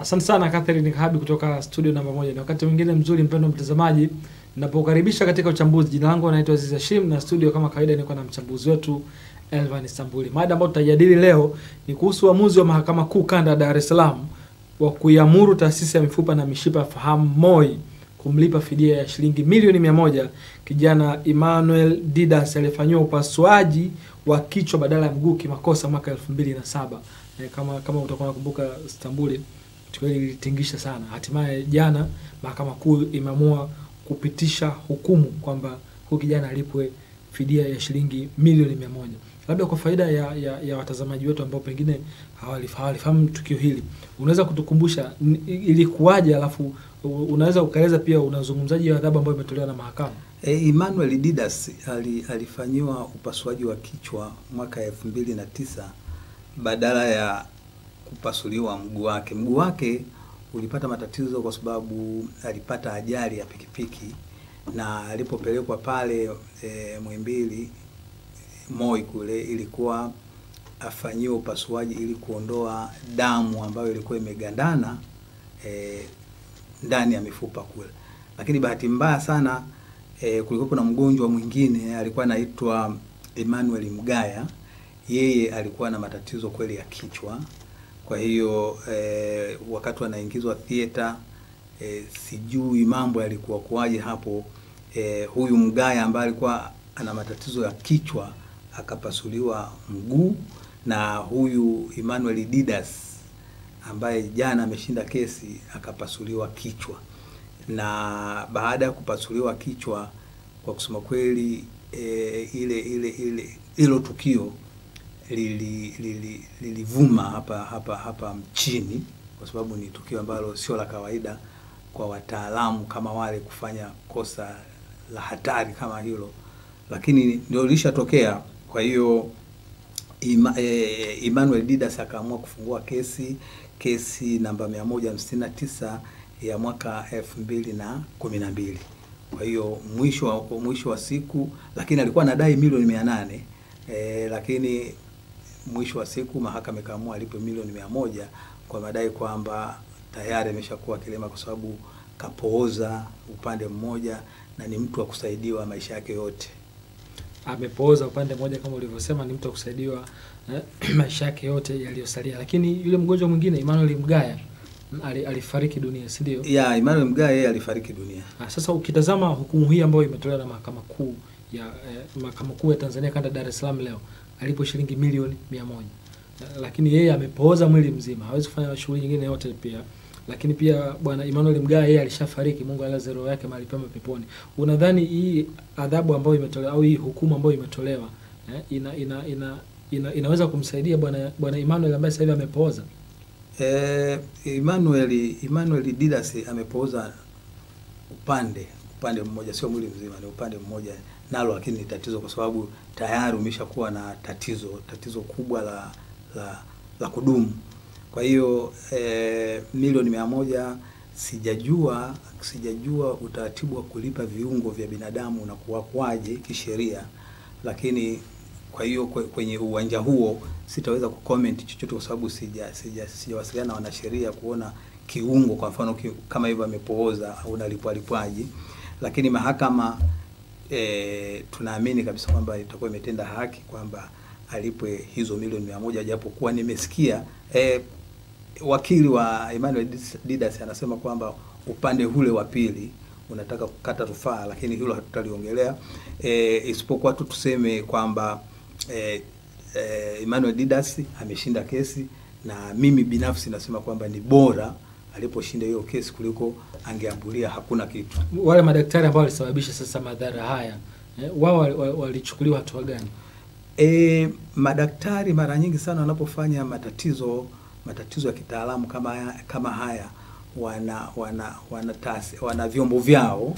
Asante sana Catherine Kahabi kutoka studio namba moja. Ni wakati mwingine mzuri, mpendo mtazamaji, ninapokaribisha katika uchambuzi. Jina langu naitwa Aziz Hashim na studio kama kawaida niko na mchambuzi wetu Elvan Istanbuli. Mada ambayo tutajadili leo ni kuhusu uamuzi wa Mahakama Kuu Kanda ya Dar es Salaam wa kuiamuru Taasisi ya Mifupa na Mishipa Fahamu MOI kumlipa fidia ya shilingi milioni mia moja kijana Emmanuel Didas aliyefanyiwa upasuaji wa kichwa badala ya mguu kimakosa mwaka elfu mbili na saba. E, kama kama utakuwa nakumbuka Istanbuli, Tukio lilitingisha sana. Hatimaye jana mahakama kuu imeamua kupitisha hukumu kwamba huyu kijana alipwe fidia ya shilingi milioni mia moja. Labda kwa faida ya, ya, ya watazamaji wetu ambao pengine hawalifahamu tukio hili, unaweza kutukumbusha ilikuwaje? Alafu unaweza ukaeleza pia unazungumzaji wa adhabu ambayo imetolewa na mahakama. E, Emmanuel Didas ali, alifanyiwa upasuaji wa kichwa mwaka elfu mbili na tisa badala ya kupasuliwa mguu wake. Mguu wake ulipata matatizo kwa sababu alipata ajali ya pikipiki, na alipopelekwa pale e, Muhimbili Moi kule ilikuwa afanyiwe upasuaji ili kuondoa damu ambayo ilikuwa imegandana e, ndani ya mifupa kule, lakini bahati mbaya sana e, eh, kulikuwa na mgonjwa mwingine alikuwa anaitwa Emmanuel Mgaya, yeye alikuwa na matatizo kweli ya kichwa kwa hiyo eh, wakati wanaingizwa theater eh, sijui mambo yalikuwa kuwaje hapo eh, huyu mgaya ambaye alikuwa ana matatizo ya kichwa akapasuliwa mguu na huyu Emmanuel Didas ambaye jana ameshinda kesi akapasuliwa kichwa. Na baada ya kupasuliwa kichwa, kwa kusema kweli, e, ile ile ile hilo tukio lilivuma li, li hapa hapa hapa mchini, kwa sababu ni tukio ambalo sio la kawaida kwa wataalamu kama wale kufanya kosa la hatari kama hilo, lakini ndio lishatokea. Kwa hiyo Ima, e, Emmanuel Didas akaamua kufungua kesi kesi namba 159 ya mwaka 2012. Kwa hiyo mwisho wa, mwisho wa siku, lakini alikuwa anadai milioni 800 e, lakini mwisho wa siku mahakama ikaamua alipe milioni mia moja kwa madai kwamba tayari ameshakuwa kilema kwa sababu kapooza upande mmoja na ni mtu wa kusaidiwa maisha yake yote. Amepooza upande mmoja kama ulivyosema, ni mtu wa kusaidiwa eh, maisha yake yote yaliyosalia. Lakini yule mgonjwa mwingine Emmanuel Mgaya mm, alifariki dunia, si ndio? Ya, Emmanuel Mgaya yeye alifariki dunia. Ha, ah, sasa ukitazama hukumu hii ambayo imetolewa na mahakama kuu ya eh, mahakama kuu ya Tanzania kanda Dar es Salaam leo alipo shilingi milioni mia moja lakini yeye amepooza mwili mzima, hawezi kufanya shughuli nyingine yote pia. Lakini pia bwana Emmanuel Mgaa yeye alishafariki, Mungu alaze roho yake mahali pema peponi. Unadhani hii adhabu ambayo imetolewa au hii hukumu ambayo imetolewa eh, ina, ina, ina, ina, inaweza kumsaidia bwana bwana Emmanuel ambaye sasa hivi amepooza? Eh, Emmanuel Emmanuel Didas amepooza upande upande mmoja, sio mwili mzima, ni upande mmoja nalo, lakini ni tatizo, kwa sababu tayari umeshakuwa na tatizo tatizo kubwa la la, la kudumu. Kwa hiyo e, milioni mia moja sijajua sijajua utaratibu wa kulipa viungo vya binadamu na kuwakwaje kisheria, lakini kwa hiyo kwenye uwanja huo sitaweza kucomment chochote kwa sababu sija sijawasiliana na wanasheria kuona kiungo, kwa mfano kama hivyo amepooza unalipwa lipwaji lakini mahakama e, tunaamini kabisa kwamba itakuwa imetenda haki kwamba alipwe hizo milioni mia moja japokuwa nimesikia e, wakili wa Emmanuel Didas anasema kwamba upande ule wa pili unataka kukata rufaa, lakini hilo hatutaliongelea e, isipokuwa tu tuseme kwamba e, e, Emmanuel Didas ameshinda kesi na mimi binafsi nasema kwamba ni bora aliposhinda hiyo kesi kuliko angeambulia hakuna kitu. Wale madaktari ambao walisababisha sasa madhara haya eh, wao walichukuliwa hatua gani? E, madaktari mara nyingi sana wanapofanya matatizo matatizo ya kitaalamu kama haya, kama haya wana wana wana, tasi, wana vyombo vyao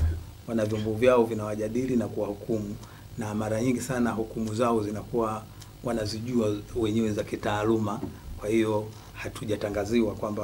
wana vyombo vyao vinawajadili na kuwahukumu, na mara nyingi sana hukumu zao zinakuwa wanazijua wenyewe za kitaaluma, kwa hiyo hatujatangaziwa kwamba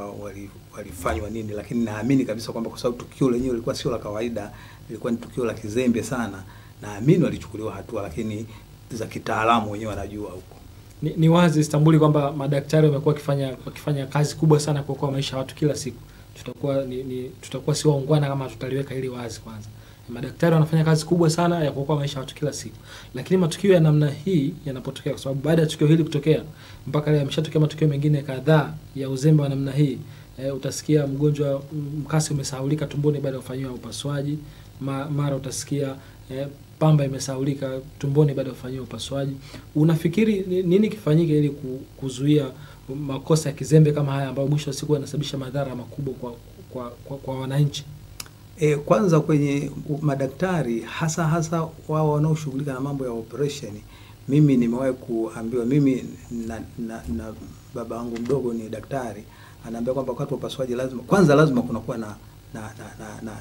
walifanywa nini, lakini naamini kabisa kwamba kwa sababu tukio lenyewe lilikuwa sio la kawaida, lilikuwa ni tukio la kizembe sana, naamini walichukuliwa hatua, lakini za kitaalamu wenyewe wanajua huko. Ni, ni wazi Istanbuli kwamba madaktari wamekuwa wakifanya wakifanya kazi kubwa sana kuokoa maisha ya watu kila siku. Tutakuwa ni, ni tutakuwa si waungwana kama tutaliweka hili wazi kwanza. Madaktari wanafanya kazi kubwa sana ya kuokoa maisha ya watu kila siku, lakini matukio ya namna hii yanapotokea, kwa sababu baada ya tukio hili kutokea mpaka leo yameshatokea matukio mengine kadhaa ya uzembe wa namna hii. E, utasikia mgonjwa mm, mkasi umesahaulika tumboni baada ya kufanyiwa upasuaji ma, mara utasikia e, pamba imesahaulika tumboni baada ya kufanyiwa upasuaji. Unafikiri nini kifanyike ili kuzuia makosa ya kizembe kama haya ambayo mwisho wa siku yanasababisha madhara makubwa kwa, kwa, kwa, kwa wananchi? E, kwanza kwenye madaktari hasa hasa wao wanaoshughulika na mambo ya operation, mimi nimewahi kuambiwa mimi na, na, na baba wangu mdogo ni daktari, anaambia kwamba wakati wa upasuaji lazima kwanza lazima kunakuwa na na, na, na, na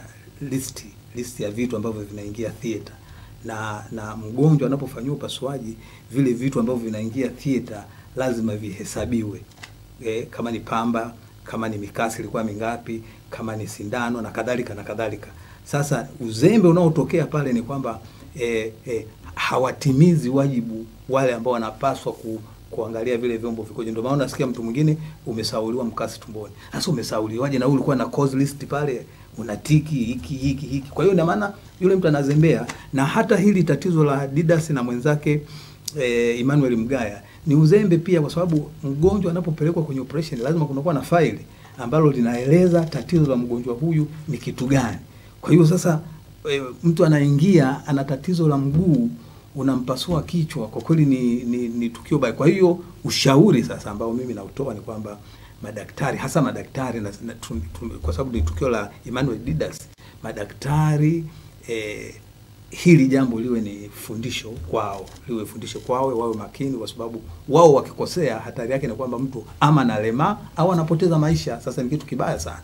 listi listi ya vitu ambavyo vinaingia theater na na mgonjwa anapofanyiwa upasuaji vile vitu ambavyo vinaingia theater lazima vihesabiwe, e, kama ni pamba kama ni mikasi ilikuwa mingapi, kama ni sindano na kadhalika na kadhalika. Sasa uzembe unaotokea pale ni kwamba e, e, hawatimizi wajibu wale ambao wanapaswa ku, kuangalia vile vyombo vikoje. Ndio maana unasikia mtu mwingine umesauliwa mkasi tumboni. Sasa umesauliwaje na ulikuwa na cause list pale unatiki hiki hiki hiki. Kwa hiyo ina maana yule mtu anazembea, na hata hili tatizo la Didas na mwenzake eh, Emmanuel Mgaya ni uzembe pia, kwa sababu mgonjwa anapopelekwa kwenye operation lazima kunakuwa na faili ambalo linaeleza tatizo la mgonjwa huyu ni kitu gani. Kwa hiyo sasa eh, mtu anaingia ana tatizo la mguu unampasua kichwa, kwa kweli ni, ni, ni tukio baya. Kwa hiyo ushauri sasa ambao mimi nautoa ni kwamba madaktari hasa madaktari na, na, tum, tum, kwa sababu ni tukio la Emmanuel Didas madaktari eh, hili jambo liwe ni fundisho kwao, liwe fundisho kwao, wawe makini, kwa sababu wao wakikosea, hatari yake ni kwamba mtu ama analema au anapoteza maisha. Sasa ni kitu kibaya sana.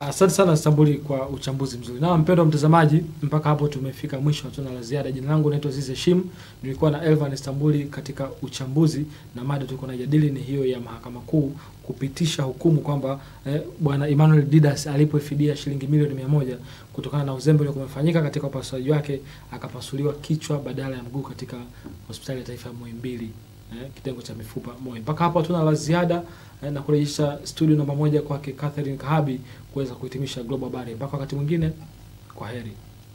Asante sana Stambuli kwa uchambuzi mzuri. Na mpendo mtazamaji, mpaka hapo tumefika mwisho, hatuna la ziada. Jina langu naitwa Zize Shim, nilikuwa na Elvan Stambuli katika uchambuzi, na mada tuko najadili ni hiyo ya Mahakama Kuu kupitisha hukumu kwamba eh, bwana Emmanuel Didas alipofidia shilingi milioni mia moja kutokana na uzembe ule kumefanyika katika upasuaji wake, akapasuliwa kichwa badala ya mguu katika hospitali ya taifa ya Muhimbili eh, kitengo cha mifupa moyo. Mpaka hapo hatuna la ziada eh, na kurejesha studio namba moja kwake Catherine Kahabi kuweza kuhitimisha Global Habari. Mpaka wakati mwingine, kwa heri.